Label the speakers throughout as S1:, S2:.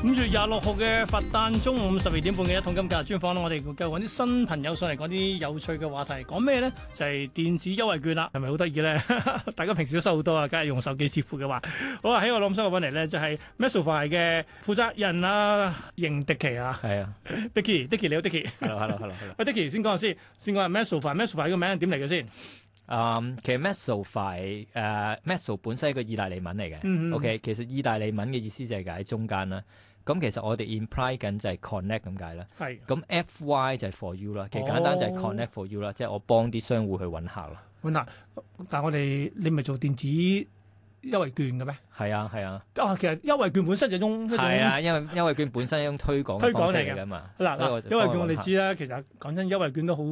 S1: 咁月廿六號嘅佛誕中午十二點半嘅一桶金今日專訪啦，我哋繼續揾啲新朋友上嚟講啲有趣嘅話題，講咩咧？就係、是、電子優惠券啦，係咪好得意咧？ 大家平時都收好多啊，梗日用手機支付嘅話， 好啊！喺我攞咁收我搵嚟咧，就係 Massive 嘅負責人啊，迎迪奇啊，係啊，迪奇，迪奇你好，迪奇 ，hello hello hello hello，喂，迪奇先講下先，先講下 m a s s i f e m a s s i f e 個名點嚟
S2: 嘅先。啊，um, 其實 Mezzofy 誒 Mezzo 本身係個意大利文嚟嘅、嗯，OK，其實意大利文嘅意思就係解喺中間啦。咁其實我哋 imply 緊就係 connect 咁解啦。係是，咁 fy 就係 for you 啦，其實簡單就係 connect for you 啦、哦，即係我幫啲商戶去揾客咯。
S1: 揾客，嗯、但係我哋你咪做電子優惠券嘅
S2: 咩？係啊
S1: 係啊！啊，啊，其實優惠券本身就一種係啊，因為
S2: 優惠券本身一種推廣推廣嚟嘅嘛。嗱，優惠券我哋知啦，
S1: 其實講真，優惠券都好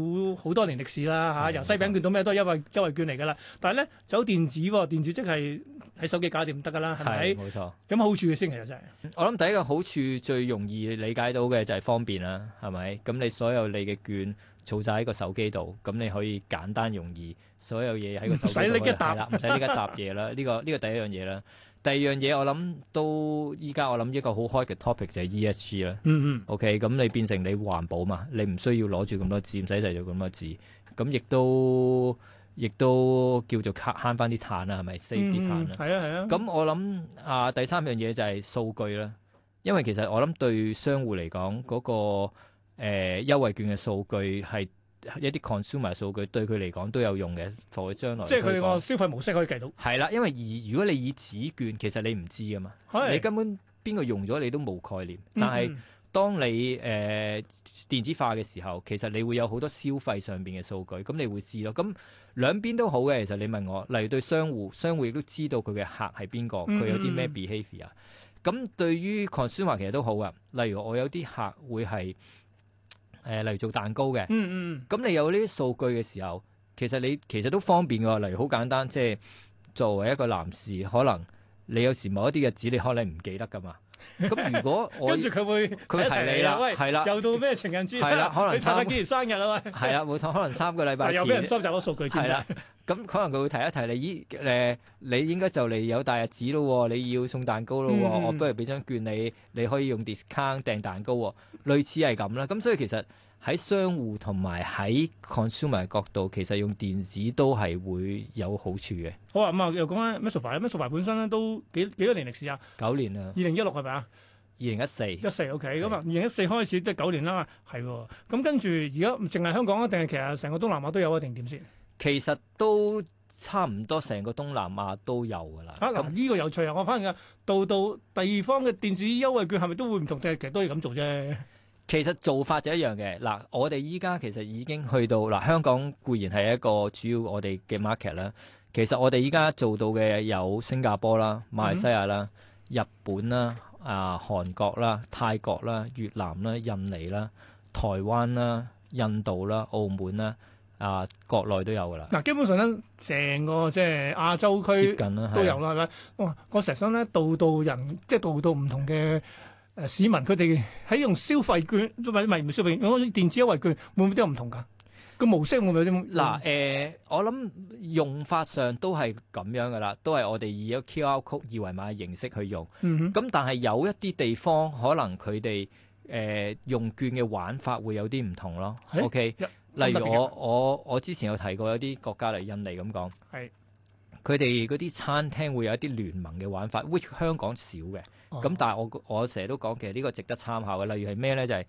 S1: 好多年歷史啦，吓、啊、由西餅券到咩都係優惠優惠券嚟噶啦。但係咧，走電子，電子即係喺手機搞掂得噶啦，係咪？冇錯、啊。有冇好處嘅先其實、就
S2: 係？我諗第一個好處最容易理解到嘅就係方便啦，係咪？咁你所有你嘅券。儲晒喺個手機度，咁你可以簡單容易，所有嘢喺個手機度，係啦，唔使呢家沓嘢啦。呢個呢個第一樣嘢啦。第二樣嘢我諗都依家我諗一個好開嘅 topic 就係 E S G 啦、嗯嗯。O K，咁你變成你環保嘛？你唔需要攞住咁多紙，唔使就咁多紙。咁亦都亦都叫做慳翻啲碳啦，係咪？save 啲碳啦。係啊係啊。咁我諗啊、呃，第三樣嘢就係數據啦，因為其實我諗對商戶嚟講嗰個。誒、呃、優惠券嘅數據係一啲 consumer 數據，對佢嚟講都有用嘅，放喺 r 將來，即係佢個
S1: 消費模式可以計到。
S2: 係啦， 因為以如果你以紙券，其實你唔知㗎嘛，的你根本邊個用咗你都冇概念。但係當你誒、呃、電子化嘅時候，其實你會有好多消費上邊嘅數據，咁你會知咯。咁兩邊都好嘅，其實你問我，例如對商戶，商戶亦都知道佢嘅客係邊個，佢有啲咩 behaviour、嗯嗯。咁對於 consumer 其實都好嘅，例如我有啲客會係。誒，例如做蛋糕嘅，嗯嗯，咁你有呢啲數據嘅時候，其實你其實都方便㗎喎。例如好簡單，即係作為一個男士，可能你有時某一啲日子，你可能唔記得㗎嘛。咁如果我 跟住佢會佢會提喂你啦，係啦喂，又
S1: 到咩情人節係啦，可能生日啊喂，係啦冇錯，可
S2: 能三個禮拜。有俾人收集
S1: 咗數據先？
S2: 了 咁可能佢會提一提你咦，誒、呃，你應該就嚟有大日子咯，你要送蛋糕咯，嗯嗯我不如俾張券你，你可以用 discount 訂蛋糕，類似係咁啦。咁所以其實喺商戶同埋喺 consumer 嘅角度，其實用電子都係會有好處嘅。好啊，咁、
S1: 嗯、又講翻 Mezzofy 咧？Mezzofy 本身都幾幾多年歷史啊？九年啊，二零一六係咪啊？二零一四一四 OK，咁啊是，二零一四開始都九年啦，係。咁跟住而家淨係香港啊，定係其實成個東南亞都有啊，定點先？
S2: 其實都差唔多，成個東南亞都有㗎啦。咁呢個有趣啊！我發現啊到到地方嘅電子優惠券係咪都會唔同？定係其實都係咁做啫。其實做法就一樣嘅。嗱，我哋依家其實已經去到嗱，香港固然係一個主要我哋嘅 market 啦。其實我哋依家做到嘅有新加坡啦、馬來西亞啦、嗯、日本啦、啊、呃、韓國啦、泰國啦、越南啦、印尼啦、台灣啦、印度啦、澳門啦。啊，國內都有噶啦。嗱，
S1: 基本上咧，成個即係亞洲區近都有啦。係咪的？哇，我成身咧，度度人，即係度度唔同嘅誒市民，佢哋喺用消費券，唔係唔係唔係消費券，電子優惠券，會唔會都有唔同噶？個模式會唔會有啲？嗱，誒、
S2: 呃，我諗用法上都係咁樣噶啦，都係我哋以一 QR code 二維碼嘅形式去用。嗯咁哼但係有一啲地方可能佢哋誒用券嘅玩法會有啲唔同咯。O K、欸。Okay? 嗯例如我別我我之前有提過有啲國家嚟印尼咁講，係佢哋嗰啲餐廳會有一啲聯盟嘅玩法，which 香港少嘅。咁、哦、但係我我成日都講其實呢個值得參考嘅。例如係咩咧？就係、是、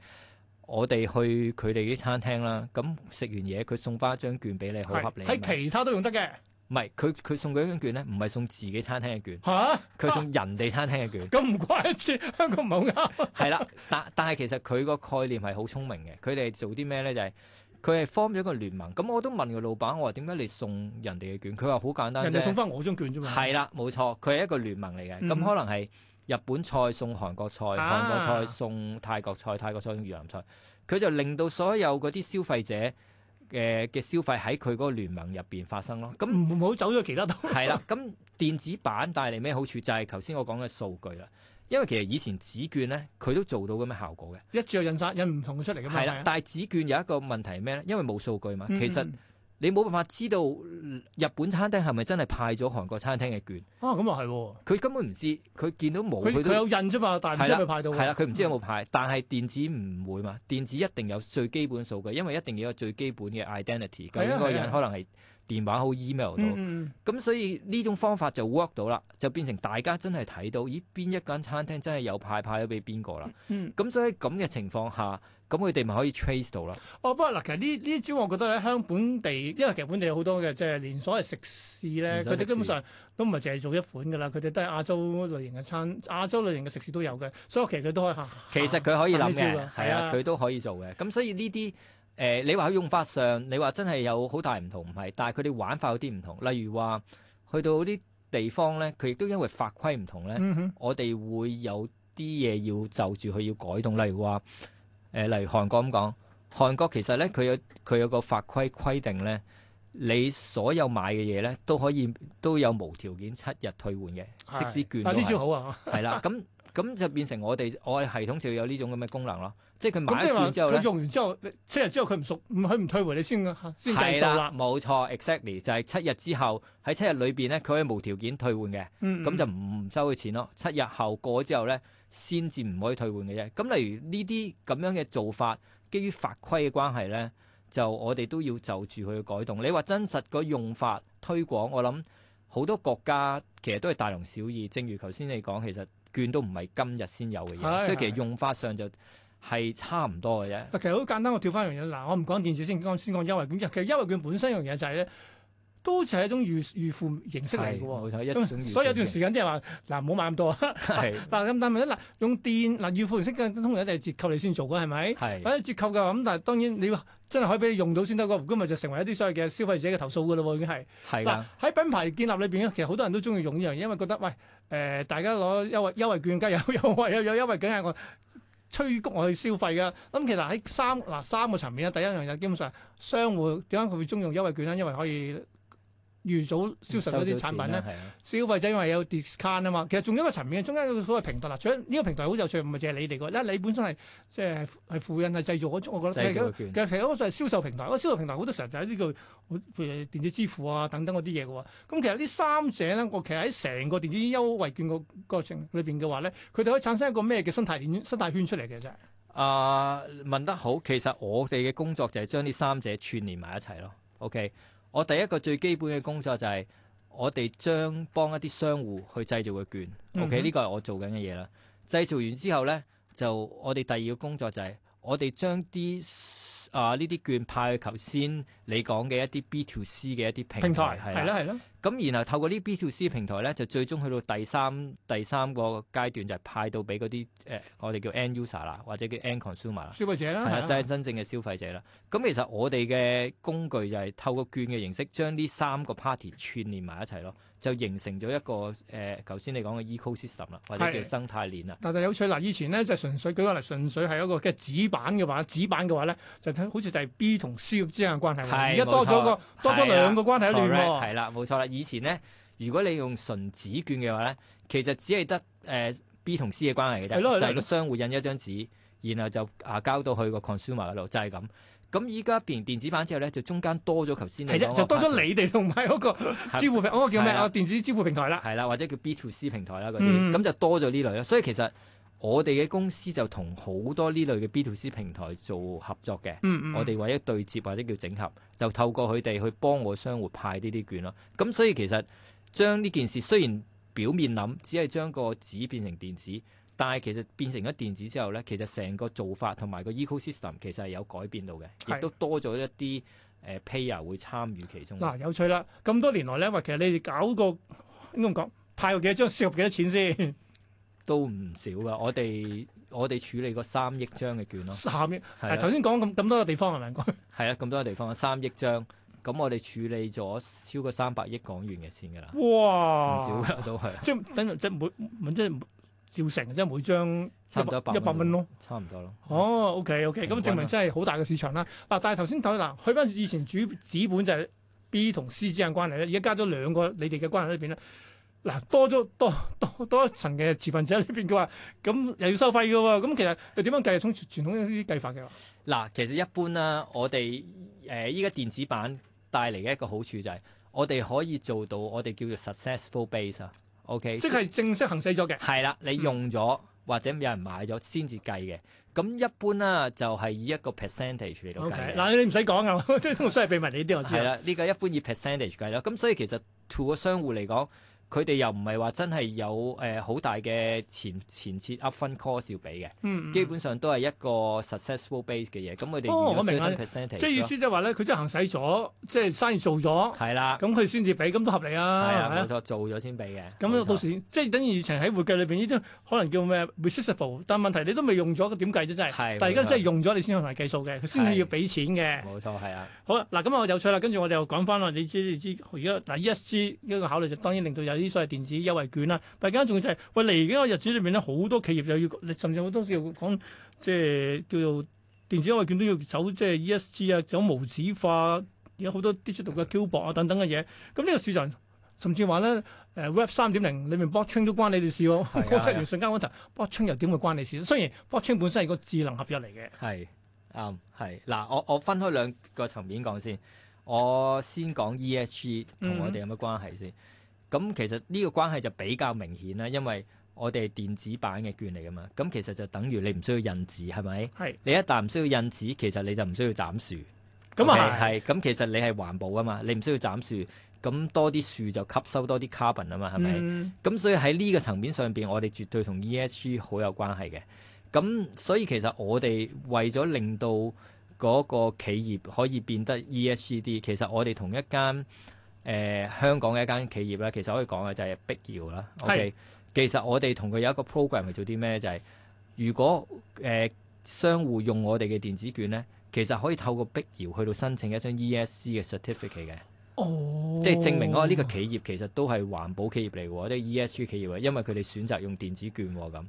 S2: 我哋去佢哋啲餐廳啦，咁食完嘢佢送返張券俾你，好合理。係是嗎其他都用得嘅，唔係佢佢送佢張券咧，唔係送自己餐廳嘅券，吓佢哈送人哋餐廳嘅券，咁唔、啊、 怪之香港唔好啱。係啦， 但但係其實佢個概念係好聰明嘅，佢哋做啲咩咧？就係、是佢係 form 咗個聯盟，咁我都問個老闆，我話點解你送人哋嘅券？佢話好簡單，人哋送翻我張券啫嘛。係啦，冇錯，佢係一個聯盟嚟嘅，咁、嗯、哼可能係日本菜送韓國菜，韓國菜送泰國菜，泰國菜送越南菜，佢就令到所有嗰啲消費者嘅嘅消費喺佢嗰個聯盟入邊發生咯。咁唔好走咗其他度。係 啦，咁電子版帶嚟咩好處？就係頭先我講嘅數據啦。因為其實以前紙券咧，佢都做到咁嘅效果嘅。一次又印曬印唔同出嚟嘅，係啦，但係紙券有一個問題係咩咧？因為冇數據嘛，嗯嗯嗯，其實你冇辦法知道日本餐廳係咪真係派咗韓國餐廳嘅券。啊，咁又係，佢根本唔知，佢見到冇佢有，有印啫嘛，
S1: 但係唔知派到。係啦，佢唔知
S2: 有冇派，但係電子唔會嘛。電子一定有最基本數據，因為一定要有最基本嘅 identity。係啊。咁個人可能係。電話好 email 到，咁所以呢種方法就 work 到啦，就變成大家真係睇到，咦？邊一間餐廳真係有派派咗俾邊個啦？咁、嗯、所以咁嘅情況下，咁佢哋咪可以 trace 到啦。哦，不過嗱，其實呢呢招，我覺得喺香港本地，因為其實本地
S1: 好多嘅即係連鎖嘅食肆咧，佢哋基本上都唔係淨係做一款噶啦，佢哋都係亞洲類型嘅餐、亞洲類型嘅食肆都有嘅，所以其實佢都可以行。其實佢可以諗嘅，係啊對，佢對
S2: 都可以做嘅。咁所以呢啲。誒、呃，你話喺用法上，你話真係有好大唔同，唔係。但係佢哋玩法有啲唔同，例如話去到啲地方咧，佢亦都因為法規唔同咧，嗯、哼我哋會有啲嘢要就住佢要改動。例如話，誒、呃，例如韓國咁講，韓國其實咧，佢有佢有個法規規定咧，你所有買嘅嘢咧都可以，都，可以都有無條件七日退換嘅，是即使券都係啦。咁咁、啊、 就變成我哋我係系統就有呢種咁嘅功能咯。即係佢買完之後咧，用完
S1: 之後 七日之後佢唔熟，唔佢唔退換你先先計數
S2: 冇錯，exactly 就係七日之後喺七日裏邊咧，佢可以無條件退換嘅。咁、嗯嗯、就唔收佢錢咯。七日後過咗之後咧，先至唔可以退換嘅啫。咁例如呢啲咁樣嘅做法，基於法規嘅關係咧，就我哋都要就住佢嘅改動。你話真實個用法推廣，我諗好多國家其實都係大同小異。正如頭先你講，其實券都唔係今日先有嘅嘢，的所以其實用法上就，係差唔多嘅啫。
S1: 其實好簡單，我跳翻一樣嘢。嗱，我唔講電子先，先講優惠券。其實優惠券本身一樣嘢就係、是、咧，都係一種預預付形式嚟嘅。我、嗯、所以有段時間即係話，嗱唔好買咁多。嗱咁但係咧，用電嗱預付形式嘅通常一定係折扣你先做嘅係咪？係。有是折扣嘅話。咁但係當然你要真係可以俾你用到先得。如果唔係咪就成為一啲所謂嘅消費者嘅投訴㗎啦。已經係。係喺的品牌建立裏邊其實好多人都中意用呢樣，因為覺得喂誒、呃，大家攞優惠優惠券梗有優惠，有優惠有優惠梗係我。催谷我去消費嘅，咁其實喺三嗱三個層面咧，第一樣嘢基本上商戶點解佢會鍾意用優惠券咧？因為可以。預早銷售嗰啲產品咧，消費者因為有 discount 啊嘛，其實仲有一個層面，中間有個所謂平台啦。除呢個平台好有趣，唔係淨係你哋個，因為你本身係即係係附印係製造嗰種，我覺得其實。其實其實嗰個就係銷售平台，嗰個銷售平台好多時候就係呢、這個譬如電子支付啊等等嗰啲嘢嘅喎。咁、嗯、其實呢三者咧，我其實喺成個電子優惠券個過程裏邊嘅話咧，佢哋可以產生一個咩嘅生態鏈生態圈出嚟嘅啫？
S2: 啊、呃，問得好，其實我哋嘅工作就係將呢三者串連埋一齊咯。OK。我第一個最基本嘅工作，就係我哋將幫一啲商戶去製造嘅券、嗯、哼，OK？呢個係我做緊嘅嘢啦。製造完之後咧，就我哋第二個工作就係我哋將啲啊呢啲券派去頭先你講嘅一啲 B2C 嘅一啲平平台，係啦，係啦。台咁然後透過呢 B to C 平台咧，就最終去到第三第三個階段，就係派到俾嗰啲誒我哋叫 end user 啦，或者叫 end consumer 啦，消費者啦，係啊，就係真正嘅消費者啦。咁其實我哋嘅工具就係透過券嘅形式，將呢三個 party 串連埋一齊咯，就形成咗一個誒頭先你講嘅 ecosystem 啦，或者叫生態鏈啦。
S1: 但係有趣啦，以前咧就純粹舉個例，純粹係一個嘅紙板嘅話紙板嘅話咧就睇好似就係 B 同 C 之間嘅關係，而家多咗個多咗兩個關係喺度。係
S2: 啦，冇錯啦。以前咧，如果你用純紙券嘅話咧，其實只係得誒 B 同 C 嘅關係嘅，啫，就係個商戶印咗張紙，然後就啊交到去個 consumer 嗰度，就係、是、咁。咁依家變電子版之後咧，就中間多咗頭先係就多咗你哋同埋嗰個支付平，的叫咩啊？的的電子支付平台啦，係啦，或者叫 B to C 平台啦嗰啲，咁、嗯、就多咗呢類啦。所以其實。我哋嘅公司就同好多呢類嘅 B to C 平台做合作嘅，嗯嗯我哋為咗對接或者叫整合，就透過佢哋去幫我商戶派呢啲券咯。咁所以其實將呢件事雖然表面諗只係將個紙變成電子，但係其實變成咗電子之後呢，其實成個做法同埋個 ecosystem 其實係有改變到嘅，亦都多咗一啲誒 player 會參與其中。嗱、啊，
S1: 有趣啦！咁多年來呢，話其實你哋搞個點講派過幾多張，涉及幾多錢先？
S2: 都唔少噶，我哋我哋處理過三億張嘅券咯。三億，頭先、啊、
S1: 講咁咁多個地方係咪先？
S2: 係 啊，咁多個地方，三億張，咁我哋處理咗超過三百億港元嘅錢㗎啦。哇，唔少㗎，都係、啊。即係
S1: 等即係每，即係照成，即係每，每張差唔多一百蚊咯。差唔多咯。哦、嗯、OK OK，咁證明真係好大嘅市場啦。嗱，但係頭先睇嗱，去翻以前主紙本就係 B 同 C 之間關係咧，而家加咗兩個你哋嘅關係喺邊咧？嗱，多咗多多多一層嘅持份者喺呢邊嘅話，咁又要收費嘅喎，咁其實又點樣計？從傳統啲計法嘅。
S2: 嗱，其實一般啦，我哋誒依家電子版帶嚟嘅一個好處就係我哋可以做到我哋叫做 successful base 啊。O K。即係正式行使咗嘅。係啦、嗯，你用咗或者有人買咗先至計嘅。咁、嗯、一般啦，就係以一個 percentage 嚟到計。嗱
S1: ，okay, 你唔使講啊，即係都係秘密呢啲我知。係啦，呢、
S2: 呢個一般以 percentage 計咗。咁所以其實 two 個商戶嚟講。佢哋又唔係話真係有誒好大嘅前前設 upfront cost 要俾嘅，基本上都係一個 successful base 嘅嘢。咁佢哋哦，我明啦，即係意思
S1: 即係話咧，佢真係行使咗，即係生意做咗，係啦。咁佢先至俾，咁都合理啊。冇錯，
S2: 做咗先俾嘅。
S1: 咁到時即係等於以前喺會計裏邊呢啲可能叫咩 resetable，但係問題你都未用咗，點計啫？真係。係。但係而家真係用咗，你先同人計數嘅，佢先係要俾錢嘅。冇錯，係啊。好啦，嗱咁我有趣啦，跟住我哋又講翻啦。你知你知，而家嗱 ESG 呢個考慮就當然令到有。啲所謂電子優惠券啦，大家仲要就係喂嚟！而家個日子裏面咧，好多企業又要，甚至好多時又講，即係叫做電子優惠券都要走，即係 E.S.G. 啊，走無紙化，而家好多啲出到嘅橋樑啊等等嘅嘢。咁呢個市場甚至話咧，誒、呃、Web 三點零裏面 Boxing 都關你哋事喎，講出嚟瞬間揾頭 Boxing 又點會關你事？雖然 Boxing 本身係個智能合約嚟嘅。
S2: 係啱係嗱，我我分開兩個層面講先，我先講 E.S.G. 同我哋有乜關係先。嗯咁其實呢個關係就比較明顯啦，因為我哋電子版嘅券嚟噶嘛，咁其實就等於你唔需要印紙，係咪？係是。你一但唔需要印紙，其實你就唔需要斬樹，
S3: 咁係係。咁
S2: Okay? 是其實你係環保噶嘛，你唔需要斬樹，咁多啲樹就吸收多啲 carbon 啊嘛，係咪？咁、嗯、所以喺呢個層面上邊，我哋絕對同 ESG 好有關係嘅。咁所以其實我哋為咗令到嗰個企業可以變得 ESG 啲，其實我哋同一間。誒、呃、香港嘅一間企業咧，其實可以講嘅就係碧瑤啦。是 o、okay? K，其實我哋同佢有一個 program 嚟做啲咩？就係、是、如果誒商戶用我哋嘅電子券咧，其實可以透過碧瑤去到申請一張 E S C 嘅 certificate 嘅。
S3: 哦，即係證明我呢個
S2: 企業其實都係環保企業嚟㗎喎，即 E S G 企業喎，因為佢哋選擇用電子券咁。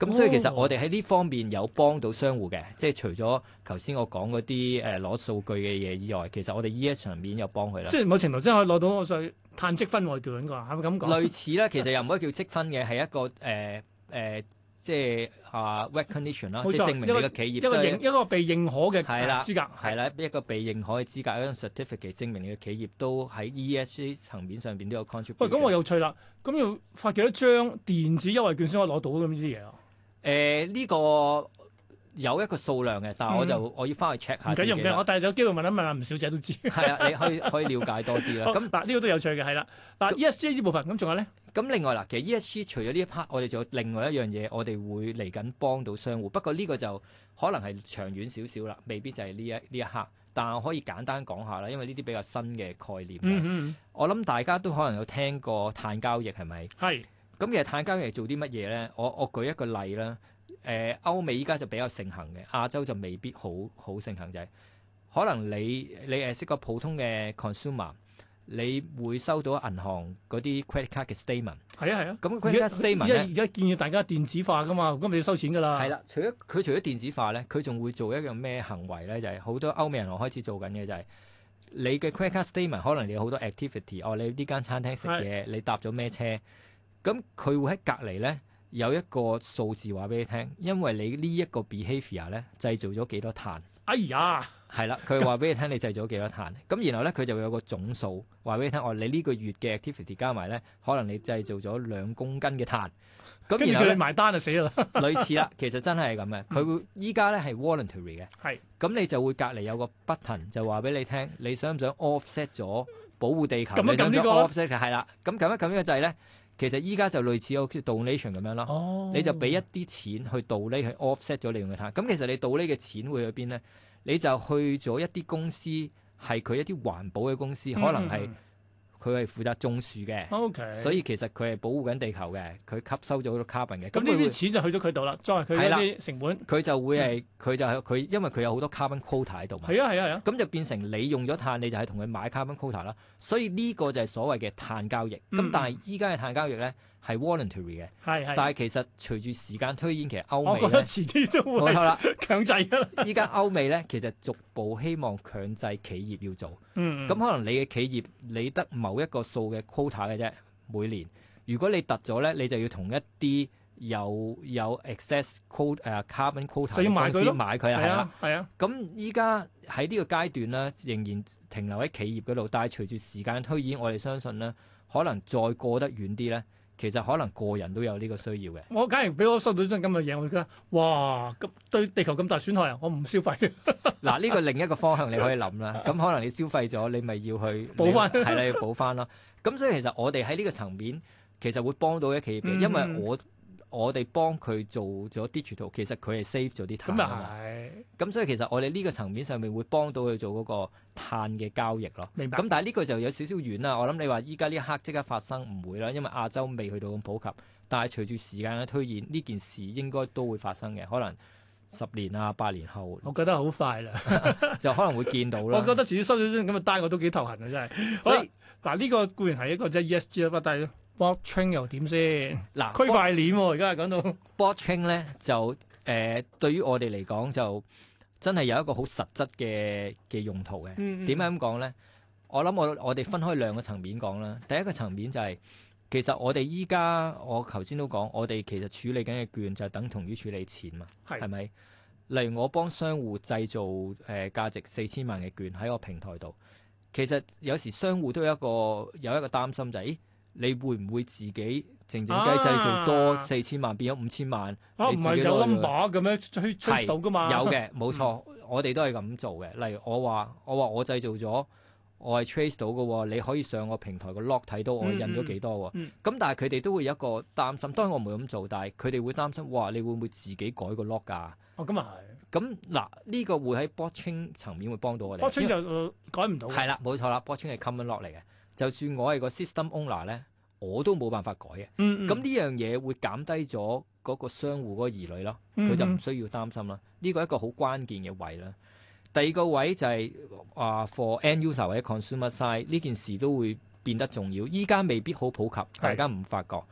S2: 咁、嗯、所以其實我哋喺呢方面有幫到商戶嘅，即係除咗頭先我講嗰啲誒攞數據嘅嘢以外，其實我哋 ES 層面有幫佢啦。即係某程
S1: 度真係可以攞到個稅碳積分優惠券㗎，係咪咁講？類似
S2: 啦，其實又唔可以叫積分嘅，係一個誒誒、呃呃，即係啊 recognition 啦，即係、呃、證明你嘅企業一個一個
S1: 被認可嘅資格，
S2: 係啦，一個被認可嘅資格一張的 certificate 證明你嘅企業都喺 ESG 層面上邊都有 contribution。喂、嗯，咁、
S1: 嗯嗯、我有趣啦，咁要發幾多張電子優惠券先可以攞到咁呢啲嘢啊？
S2: 誒，呢、呃這個有一個數量嘅，但係我就、嗯、我要翻去 check 下。唔緊要嘅，我帶
S1: 咗機會問一問阿吳小姐都知。係 啊，你可以可以瞭解多啲啦。咁
S2: 嗱 好，呢個都有趣嘅，係啦那。嗱，ESG 呢那那部分，咁仲有咧？咁另外嗱，其實 ESG 除咗呢一 part，我哋仲有另外一樣嘢，我哋會嚟緊幫到商戶。不過呢個就可能係長遠少少啦，未必就係呢一呢一刻。但係我可以簡單講下啦，因為呢啲比較新嘅概念。嗯嗯我諗大家都可能有聽過碳交易係咪？係。咁其實，碳交易做啲乜嘢咧？我我舉一個例啦。誒、呃，歐美依家就比較盛行嘅，亞洲就未必好好盛行。就係可能你你誒識個普通嘅 consumer，你會收到銀行嗰啲 credit card 嘅 statement 係啊係啊。咁、啊、credit card statement 咧，而家建議大家電子化噶嘛，咁咪要收錢噶啦。係啦、啊，除咗佢，除咗電子化咧，佢仲會做一樣咩行為咧？就係、是、好多歐美人開始做緊嘅就係、是、你嘅 credit card statement 可能你有好多 activity 哦。你呢間餐廳食嘢，啊、你搭咗咩車？咁佢會喺隔離咧，有一個數字話俾你聽，因為你呢一個 behavior 咧製造咗幾多碳？哎呀，係啦，佢話俾你聽你製造咗幾多碳？咁然後咧佢就會有個總數話俾你聽，我、哦、你呢個月嘅 activity 加埋咧，可能你製造咗兩公斤嘅碳。然後你埋單就死啦！ 類似啦，其實真係咁嘅。佢依家咧係 voluntary 嘅。係。咁是你就會隔離有個 button 就話俾你聽，你想唔想 offset 咗保護地球？咁啊，撳呢個。offset 係、嗯、啦。咁撳一撳呢個掣咧？其實依家就類似好似 donation 咁樣咯，哦、你就俾一啲錢去 donate 去 offset 咗你用嘅碳。咁其實你 donate 嘅錢會去邊咧？你就去咗一啲公司，係佢一啲環保嘅公司，嗯、可能係。佢係負責種樹嘅，Okay. 所以其實佢係保護緊地球嘅，佢吸收咗好多 carbon 嘅。咁呢啲
S1: 錢就去咗佢度啦，即係佢嗰啲
S2: 成本。佢的就會係佢就係佢，嗯、因為佢有好多 carbon quota 喺度。嘛。係啊係啊係啊！咁就變成你用咗碳，你就係同佢買 carbon quota 啦。所以呢個就係所謂嘅碳交易。咁、嗯、但係依家嘅碳交易咧。係 voluntary 嘅，係係。但係其實隨住時間推演，其實歐美遲
S1: 啲都冇錯啦，
S2: 強制。依家歐美咧，其實逐步希望強制企業要做。咁、嗯嗯、可能你嘅企業你得某一個數嘅 quota 嘅啫，每年。如果你突咗咧，你就要同一啲有有 excess quota 誒、uh, carbon quota，買就要買佢咯。買佢係啊係啊。咁依家喺呢個階段咧，仍然停留喺企業嗰度。但係隨住時間推演，我哋相信咧，可能再過得遠啲咧。其實可能個人都有呢個需要嘅。
S1: 我假如俾我收到啲咁嘅嘢，我覺得哇！咁對地球咁大損害啊，我唔消費。
S2: 嗱， 呢、呢個另一個方向你可以諗啦。咁可能你消費咗，你咪要去 要補翻，係啦，要補翻咯。咁所以其實我哋喺呢個層面，其實會幫到一啲企業嘅，因為我。嗯我哋幫佢做咗 digital，其實佢係 save 咗啲碳啊咁、嗯、所以其實我哋呢個層面上面會幫到佢做嗰個碳嘅交易咯。明白。咁但係呢個就有少少遠啦。我諗你話依家呢一刻即刻發生唔會啦，因為亞洲未去到咁普及。但係隨住時間嘅推演，呢件事應該都會發生嘅。可能十年啊、八年後，我覺
S1: 得好快啦，
S2: 就可能會見到啦。 我覺得自己收咗啲咁嘅單，我都幾頭痕啊真係。所以，
S1: 嗱呢 個固然係一個即係 ESG 咯，不低咯。Blockchain 又點先？嗱、啊，區塊
S2: 鏈喎，而家係講到 Blockchain 咧，就誒、呃、對於我哋嚟講，就真係有一個好實質嘅嘅用途嘅。點解咁講咧？我諗我我哋分開兩個層面講啦。第一個層面就係、是、其實我哋依家我頭先都講，我哋其實處理緊嘅券就等同於處理錢嘛，係咪是？例如我幫商戶製造誒價、呃、值四千萬嘅券喺我平台度，其實有時商戶都有一個有一個擔心就係、是。你會唔會自己靜靜雞製造多四千萬，變咗五千萬？啊，唔係有 number 嘅咩？可
S1: 以 trace 到噶嘛、啊？有嘅，
S2: 冇錯，嗯、我哋都係咁做嘅。例如我話，我話我製造咗，我係 trace 到嘅。你可以上我平台個 log 睇到我印咗幾多、啊。嗯，嗯。咁但係佢哋都會有一個擔心。當然我唔會咁做，但係佢哋會擔心。哇，你會唔會自己改個 log、ok、㗎、啊？哦，咁啊係。咁嗱是，呢個會喺 blockchain 層面會幫到我哋。blockchain
S1: 就為改唔到。係啦，
S2: 冇錯啦，blockchain 係 common log 嚟嘅。就算我係個 system owner 咧，我都冇辦法改嘅。咁呢、mm hmm. 樣嘢會減低咗嗰個商戶嗰個疑慮咯，佢、mm hmm. 就唔需要擔心啦。呢個係一個好關鍵嘅位啦。第二個位就係、是、啊、uh,，for end user 或者 consumer side 呢件事都會變得重要。依家未必好普及，大家唔發覺，的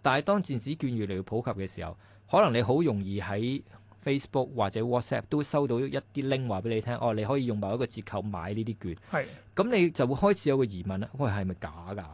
S2: 但係當電子券越嚟越普及嘅時候，可能你好容易喺 Facebook 或者 WhatsApp 都收到一啲 link 話俾你聽，哦，你可以用某一個折扣買呢啲券。係，咁你就會開始有個疑問啦，喂，係咪假㗎？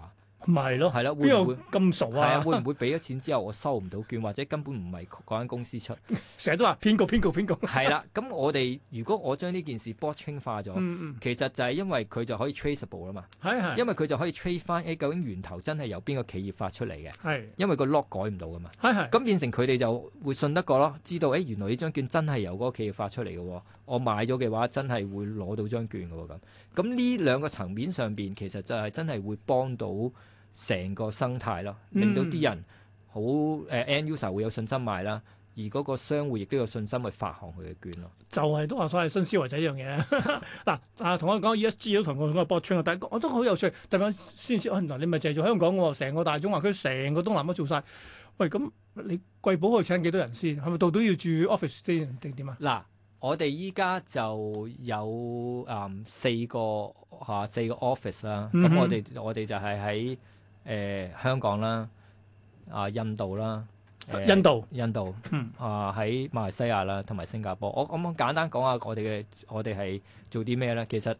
S2: 咪係咯，邊有咁傻啊？係啊，會唔會俾咗錢之後，我收唔到券，或者根本唔係嗰間公司出？成日 都話騙局、騙局、騙局。係啦，咁 我哋如果我將呢件事 blockchain 化咗，嗯、其實就係因為佢就可以 traceable 啦嘛。係係是，因為佢就可以 trace 翻、哎，誒究竟源頭真係由邊個企業發出嚟嘅？係是，因為個 l o c k 改唔到噶嘛。係係是，咁變成佢哋就會信得過咯，知道誒、哎、原來呢張券真係由嗰個企業發出嚟嘅，我買咗嘅話真係會攞到張券嘅喎咁。咁呢兩個層面上邊，其實就係真係會幫到。成個生態咯，令到啲人好誒 end user 會有信心買啦，而嗰個商戶亦都有信心去發行佢嘅券咯。
S1: 就係都話曬新思維仔一樣嘢。嗱，同我講而家知咗同我搏穿啊，但係我都好有趣。特別先說啊，G，先哎、你咪係做香港喎，成個大中華區，成個東南亞做晒。喂，咁你貴寶去請幾多人先？係咪度度要住 office 先定點啊？嗱、嗯
S2: 啊嗯哼，我哋依家就有誒四個嚇四個 office 啦。咁我哋我哋就係喺誒香港啦，啊印度啦，印度印度，啊喺馬來西亞啦，同埋新加坡。我咁樣簡單講下我哋嘅，我哋係做啲咩咧？其實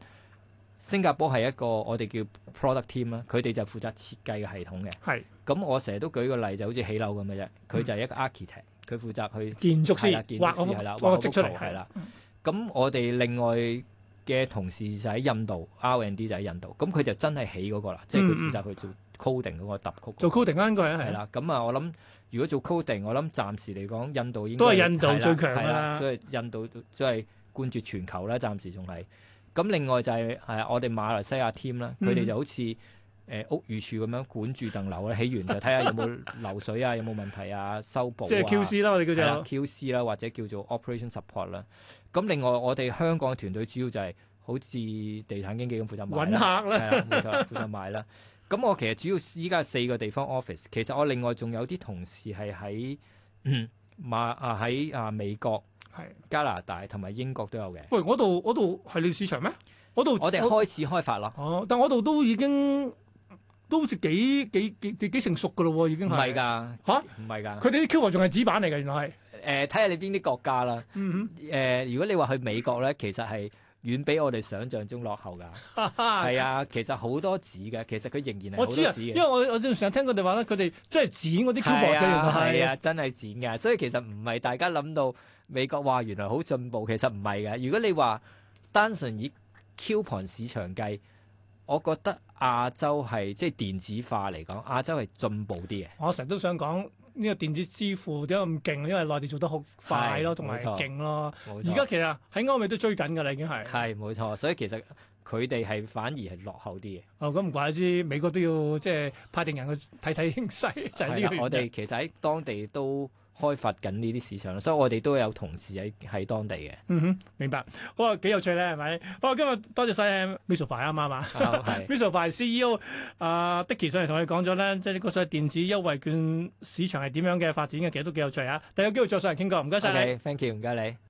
S2: 新加坡係一個我哋叫 product team 啦，佢哋就負責設計嘅系統嘅。係。咁我成日都舉個例就好似起樓咁嘅啫，佢就係一個 architect，佢負責去建築師畫係啦，畫啦。咁我哋另外嘅同事就喺印度，R&D 就喺印度，咁佢就真係起嗰個啦，即係佢負責去做。coding 嗰個揼曲做 coding 應該係係啦，咁啊，我諗如果做 coding，我諗暫時嚟講，印度應該都係印度最強啦，啦，所以印度即係冠絕全球啦，暫時仲係。咁另外就係、是、係我哋馬來西亞 team 啦、嗯，佢哋就好似誒、呃、屋宇處咁樣管住棟樓 起完就睇下有冇流水啊， 有冇問題啊，修補、啊、即係 QC 啦，我哋叫做 QC 啦，或者叫做 operation support 啦。咁另外我哋香港團隊主要就係、是、好似地產經紀咁負責揾客啦，係啊，冇錯，負，負責賣啦。 咁我其實主要依家四個地方 office，其實我另外仲有啲同事係喺馬啊喺啊美國、係加拿大同埋英國都有嘅。
S1: 喂，嗰度嗰度係你市場咩？
S2: 嗰度我哋開始開發咯。
S1: 哦、啊，但我度都已經都好幾幾幾幾成熟㗎咯，已經係唔係
S2: 㗎？唔係㗎。佢哋
S1: 啲 Q 牌仲係紙板嚟㗎，原來
S2: 係。誒、呃，睇下你邊啲國家啦。嗯，
S1: 嗯、
S2: 呃、如果你話去美國咧，其實係。遠比我哋想象中落後㗎，係 啊，其實好多紙㗎，其實佢仍然係好多紙嘅，我知、啊、因為我
S1: 我仲成日聽佢哋話咧，佢哋真係剪嗰啲 coupon 嘅，啊，
S2: 吧啊，真係剪㗎。所以其實唔係大家諗到美國話，原來好進步，其實唔係㗎。如果你話單純以 coupon 市場計，我覺得亞洲係即係電子化嚟講，亞洲係進步啲嘅。
S1: 我成日都想講。呢個電子支付點解咁勁？因為內地做得好快咯，同埋勁咯。而家
S2: 其實喺歐美都追緊㗎啦，已經係。係，冇錯。所以其實佢哋係反而係落後啲嘅。哦，咁唔怪
S1: 之美國都要即係派定人去睇睇形勢，就係呢樣。我哋
S2: 其實喺當地都開發緊呢啲市場，所以我哋都有同事喺喺當地嘅。嗯哼，明白。好啊，幾有趣咧，係咪？哇，今日多謝晒 Mezzofy 啊，嘛係、哦。Mezzofy CEO 啊、
S1: 呃、Dicky 上嚟同你講咗咧，即係呢個所謂電子優惠券市場係點樣嘅發展嘅，其實都幾有趣啊！但有機會再上嚟傾過，唔該晒你。Okay, thank you，唔該你。